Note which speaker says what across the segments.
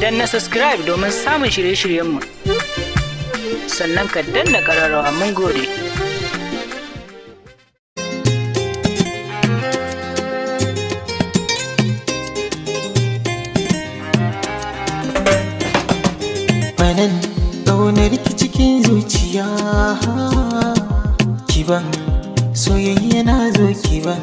Speaker 1: Dan na subscribe domin samun shirye-shiryenmu sannan ka danna ƙararrawa mun gode.
Speaker 2: Manan ƙaunar ki
Speaker 1: cikin zuciya
Speaker 2: ki ban soyayya na zo ki ban.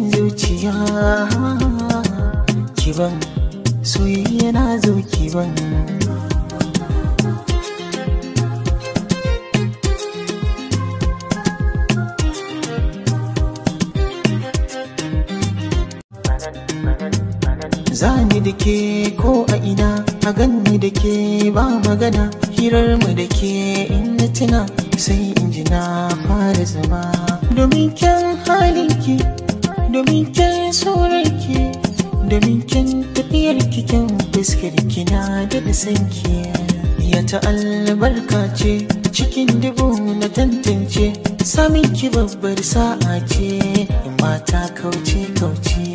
Speaker 2: feliz, güey. Zani da ke ko a ina, a ganni da ke ba magana, hirar mu da ke in na tuna sai in ji na fara zama. Domin kyan ki, domin kyan ki. domin kin tafiyar kikin fuskar ki na da sanki ya ta albarka ce cikin dubu na tantance samin ki babbar sa'a ce mata kauce kauce